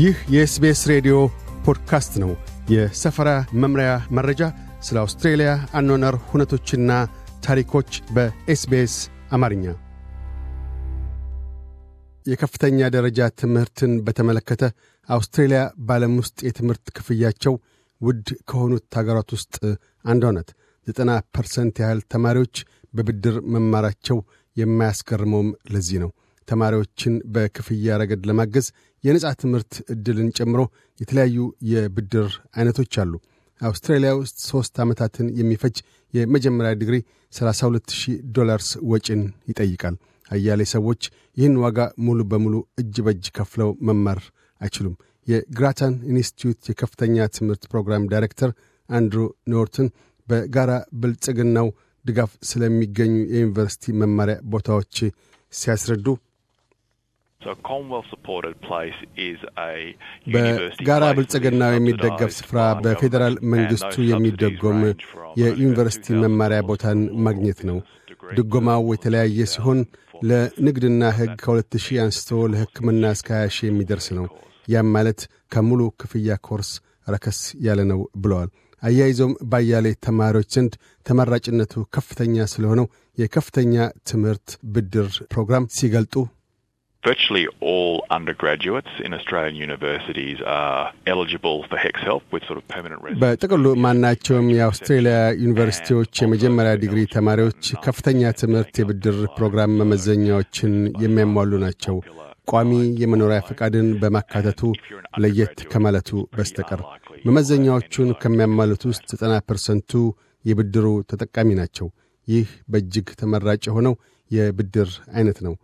ይህ የኤስቤስ ሬዲዮ ፖድካስት ነው። የሰፈራ መምሪያ መረጃ፣ ስለ አውስትሬልያ አኗነር ሁነቶችና ታሪኮች በኤስቤስ አማርኛ። የከፍተኛ ደረጃ ትምህርትን በተመለከተ አውስትሬልያ በዓለም ውስጥ የትምህርት ክፍያቸው ውድ ከሆኑት አገራት ውስጥ አንዷ ናት። ዘጠና ፐርሰንት ያህል ተማሪዎች በብድር መማራቸው የማያስገርመውም ለዚህ ነው። ተማሪዎችን በክፍያ ረገድ ለማገዝ የነጻ ትምህርት ዕድልን ጨምሮ የተለያዩ የብድር አይነቶች አሉ። አውስትራሊያ ውስጥ ሦስት ዓመታትን የሚፈጅ የመጀመሪያ ዲግሪ 320 ዶላርስ ወጪን ይጠይቃል። አያሌ ሰዎች ይህን ዋጋ ሙሉ በሙሉ እጅ በእጅ ከፍለው መማር አይችሉም። የግራታን ኢንስቲትዩት የከፍተኛ ትምህርት ፕሮግራም ዳይሬክተር አንድሩ ኖርትን በጋራ ብልጽግናው ድጋፍ ስለሚገኙ የዩኒቨርሲቲ መማሪያ ቦታዎች ሲያስረዱ በጋራ ብልጽግናው የሚደገፍ ስፍራ በፌዴራል መንግሥቱ የሚደጎም የዩኒቨርሲቲ መማሪያ ቦታን ማግኘት ነው። ድጎማው የተለያየ ሲሆን ለንግድና ሕግ ከ2000 አንስቶ ለሕክምና እስከ 20 የሚደርስ ነው። ያም ማለት ከሙሉ ክፍያ ኮርስ ረከስ ያለ ነው ብለዋል። አያይዞም ባያሌ ተማሪዎች ዘንድ ተመራጭነቱ ከፍተኛ ስለሆነው የከፍተኛ ትምህርት ብድር ፕሮግራም ሲገልጡ Virtually all undergraduates in Australian universities are eligible for HEX help with sort of permanent residence. በጥቅሉ ማናቸውም የአውስትሬሊያ ዩኒቨርሲቲዎች የመጀመሪያ ዲግሪ ተማሪዎች ከፍተኛ ትምህርት የብድር ፕሮግራም መመዘኛዎችን የሚያሟሉ ናቸው ቋሚ የመኖሪያ ፈቃድን በማካተቱ ለየት ከማለቱ በስተቀር መመዘኛዎቹን ከሚያሟሉት ውስጥ 90 ፐርሰንቱ የብድሩ ተጠቃሚ ናቸው። ይህ በእጅግ ተመራጭ የሆነው የብድር አይነት ነው።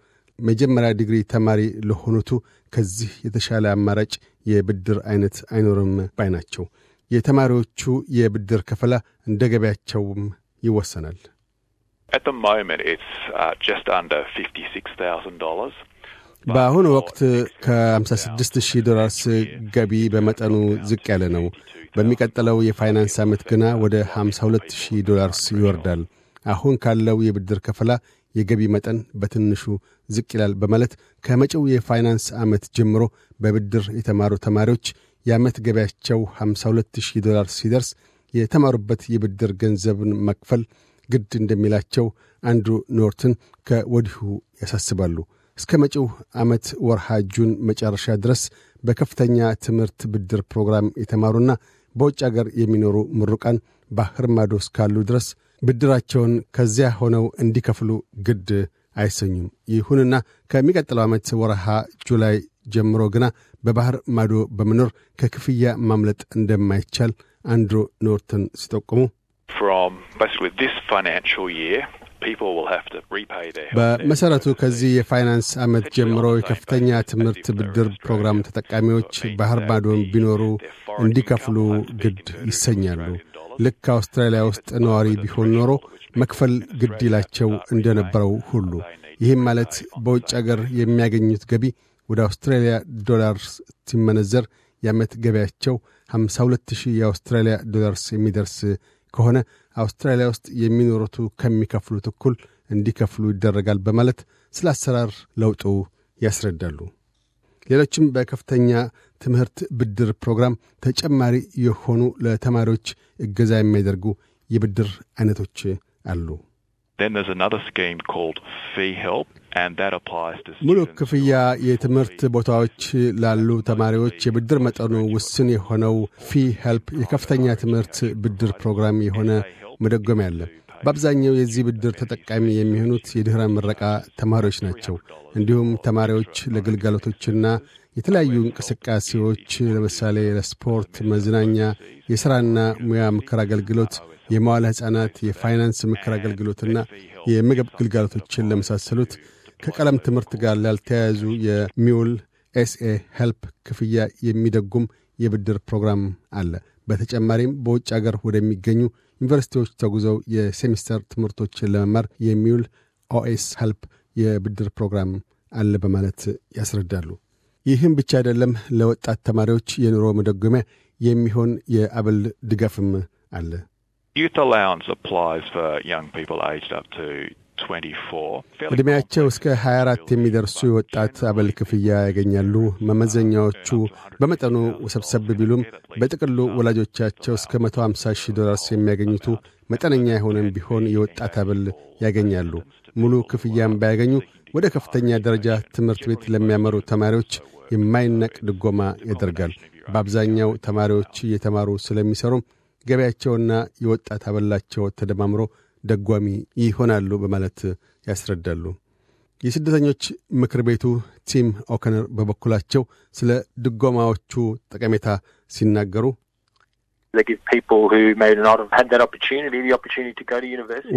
መጀመሪያ ዲግሪ ተማሪ ለሆኑቱ ከዚህ የተሻለ አማራጭ የብድር አይነት አይኖርም ባይ ናቸው። የተማሪዎቹ የብድር ከፈላ እንደ ገበያቸውም ይወሰናል። uh, በአሁኑ ወቅት ከ56,000 ዶላርስ ገቢ በመጠኑ ዝቅ ያለ ነው። በሚቀጥለው የፋይናንስ ዓመት ግና ወደ 52,000 ዶላርስ ይወርዳል። አሁን ካለው የብድር ከፈላ የገቢ መጠን በትንሹ ዝቅ ይላል በማለት ከመጪው የፋይናንስ ዓመት ጀምሮ በብድር የተማሩ ተማሪዎች የዓመት ገቢያቸው 520 ዶላር ሲደርስ የተማሩበት የብድር ገንዘብን መክፈል ግድ እንደሚላቸው አንድሩ ኖርትን ከወዲሁ ያሳስባሉ። እስከ መጪው ዓመት ወርሃ ጁን መጨረሻ ድረስ በከፍተኛ ትምህርት ብድር ፕሮግራም የተማሩና በውጭ አገር የሚኖሩ ምሩቃን ባህር ካሉ ድረስ ብድራቸውን ከዚያ ሆነው እንዲከፍሉ ግድ አይሰኙም። ይሁንና ከሚቀጥለው ዓመት ወረሃ ጁላይ ጀምሮ ግና በባህር ማዶ በመኖር ከክፍያ ማምለጥ እንደማይቻል አንድሮ ኖርተን ሲጠቁሙ በመሠረቱ ከዚህ የፋይናንስ ዓመት ጀምሮ የከፍተኛ ትምህርት ብድር ፕሮግራም ተጠቃሚዎች ባህር ማዶን ቢኖሩ እንዲከፍሉ ግድ ይሰኛሉ። ልክ አውስትራሊያ ውስጥ ነዋሪ ቢሆን ኖሮ መክፈል ግድ ይላቸው እንደነበረው ሁሉ ይህም ማለት በውጭ አገር የሚያገኙት ገቢ ወደ አውስትራሊያ ዶላርስ ሲመነዘር የአመት ገቢያቸው 52000 የአውስትራሊያ ዶላርስ የሚደርስ ከሆነ አውስትራሊያ ውስጥ የሚኖሩቱ ከሚከፍሉት እኩል እንዲከፍሉ ይደረጋል በማለት ስለ አሰራር ለውጡ ያስረዳሉ። ሌሎችም በከፍተኛ ትምህርት ብድር ፕሮግራም ተጨማሪ የሆኑ ለተማሪዎች እገዛ የሚያደርጉ የብድር አይነቶች አሉ። ሙሉ ክፍያ የትምህርት ቦታዎች ላሉ ተማሪዎች የብድር መጠኑ ውስን የሆነው ፊ ሄልፕ የከፍተኛ ትምህርት ብድር ፕሮግራም የሆነ መደጎም ያለ። በአብዛኛው የዚህ ብድር ተጠቃሚ የሚሆኑት የድኅረ ምረቃ ተማሪዎች ናቸው። እንዲሁም ተማሪዎች ለግልጋሎቶችና የተለያዩ እንቅስቃሴዎች ለምሳሌ ለስፖርት፣ መዝናኛ፣ የሥራና ሙያ ምክር አገልግሎት፣ የመዋለ ሕፃናት፣ የፋይናንስ ምክር አገልግሎትና የምግብ ግልጋሎቶችን ለመሳሰሉት ከቀለም ትምህርት ጋር ላልተያያዙ የሚውል ኤስኤ ሄልፕ ክፍያ የሚደጉም የብድር ፕሮግራም አለ። በተጨማሪም በውጭ አገር ወደሚገኙ ዩኒቨርሲቲዎች ተጉዘው የሴሚስተር ትምህርቶችን ለመማር የሚውል ኦኤስ ሄልፕ የብድር ፕሮግራም አለ በማለት ያስረዳሉ። ይህም ብቻ አይደለም፣ ለወጣት ተማሪዎች የኑሮ መደጎሚያ የሚሆን የአበል ድጋፍም አለ። ዕድሜያቸው እስከ 24 የሚደርሱ የወጣት አበል ክፍያ ያገኛሉ። መመዘኛዎቹ በመጠኑ ውሰብሰብ ቢሉም በጥቅሉ ወላጆቻቸው እስከ 150 ሺህ ዶላርስ የሚያገኙቱ መጠነኛ የሆነም ቢሆን የወጣት አበል ያገኛሉ። ሙሉ ክፍያም ባያገኙ ወደ ከፍተኛ ደረጃ ትምህርት ቤት ለሚያመሩ ተማሪዎች የማይነቅ ድጎማ ያደርጋል። በአብዛኛው ተማሪዎች እየተማሩ ስለሚሰሩም ገበያቸውና የወጣት አበላቸው ተደማምሮ ደጓሚ ይሆናሉ በማለት ያስረዳሉ። የስደተኞች ምክር ቤቱ ቲም ኦከነር በበኩላቸው ስለ ድጎማዎቹ ጠቀሜታ ሲናገሩ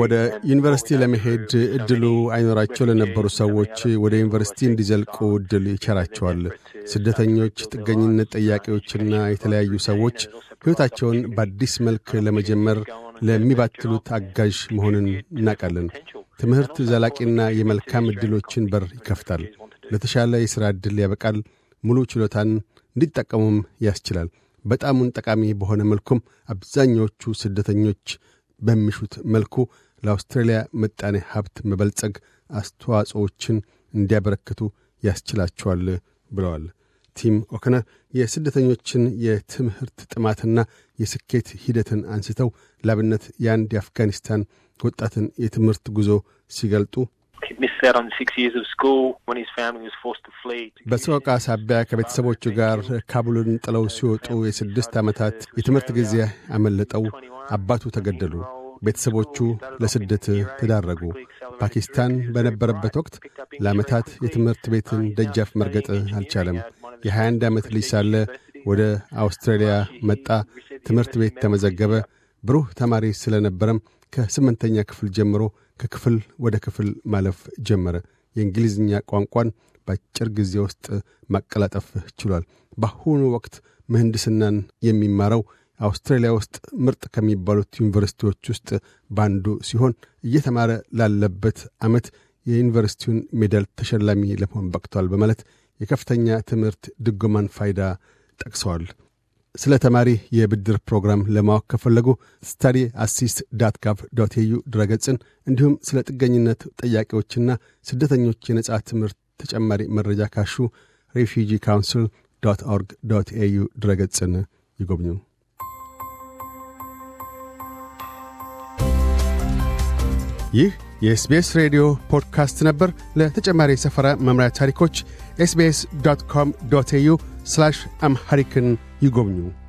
ወደ ዩኒቨርሲቲ ለመሄድ እድሉ አይኖራቸው ለነበሩ ሰዎች ወደ ዩኒቨርሲቲ እንዲዘልቁ እድል ይቸራቸዋል። ስደተኞች፣ ጥገኝነት ጠያቂዎችና የተለያዩ ሰዎች ሕይወታቸውን በአዲስ መልክ ለመጀመር ለሚባትሉት አጋዥ መሆንን እናውቃለን። ትምህርት ዘላቂና የመልካም ዕድሎችን በር ይከፍታል። ለተሻለ የሥራ ዕድል ያበቃል። ሙሉ ችሎታን እንዲጠቀሙም ያስችላል። በጣሙን ጠቃሚ በሆነ መልኩም አብዛኛዎቹ ስደተኞች በሚሹት መልኩ ለአውስትራሊያ ምጣኔ ሀብት መበልጸግ አስተዋጽኦችን እንዲያበረክቱ ያስችላቸዋል ብለዋል። ቲም ኦከነር የስደተኞችን የትምህርት ጥማትና የስኬት ሂደትን አንስተው ላብነት የአንድ የአፍጋኒስታን ወጣትን የትምህርት ጉዞ ሲገልጡ በሰቆቃ ሳቢያ ከቤተሰቦቹ ጋር ካቡልን ጥለው ሲወጡ የስድስት ዓመታት የትምህርት ጊዜ አመለጠው። አባቱ ተገደሉ። ቤተሰቦቹ ለስደት ተዳረጉ። ፓኪስታን በነበረበት ወቅት ለዓመታት የትምህርት ቤትን ደጃፍ መርገጥ አልቻለም። የ21 ዓመት ልጅ ሳለ ወደ አውስትራሊያ መጣ። ትምህርት ቤት ተመዘገበ። ብሩህ ተማሪ ስለነበረም ከስምንተኛ ክፍል ጀምሮ ከክፍል ወደ ክፍል ማለፍ ጀመረ። የእንግሊዝኛ ቋንቋን በአጭር ጊዜ ውስጥ ማቀላጠፍ ችሏል። በአሁኑ ወቅት ምህንድስናን የሚማረው አውስትራሊያ ውስጥ ምርጥ ከሚባሉት ዩኒቨርሲቲዎች ውስጥ ባንዱ ሲሆን እየተማረ ላለበት ዓመት የዩኒቨርሲቲውን ሜዳል ተሸላሚ ለመሆን በቅቷል በማለት የከፍተኛ ትምህርት ድጎማን ፋይዳ ጠቅሰዋል። ስለ ተማሪ የብድር ፕሮግራም ለማወቅ ከፈለጉ ስታዲ አሲስት ዳት ጋቭ ዶት ኤዩ ድረገጽን እንዲሁም ስለ ጥገኝነት ጥያቄዎችና ስደተኞች የነጻ ትምህርት ተጨማሪ መረጃ ካሹ ሬፊጂ ካውንስል ዶት ኦርግ ዶት ኤዩ ድረገጽን ይጎብኙ። ይህ የኤስቤስ ሬዲዮ ፖድካስት ነበር። ለተጨማሪ የሰፈራ መምሪያ ታሪኮች ኤስቤስ ዶት ኮም ዶት ኤዩ አምሐሪክን e Gomnyu.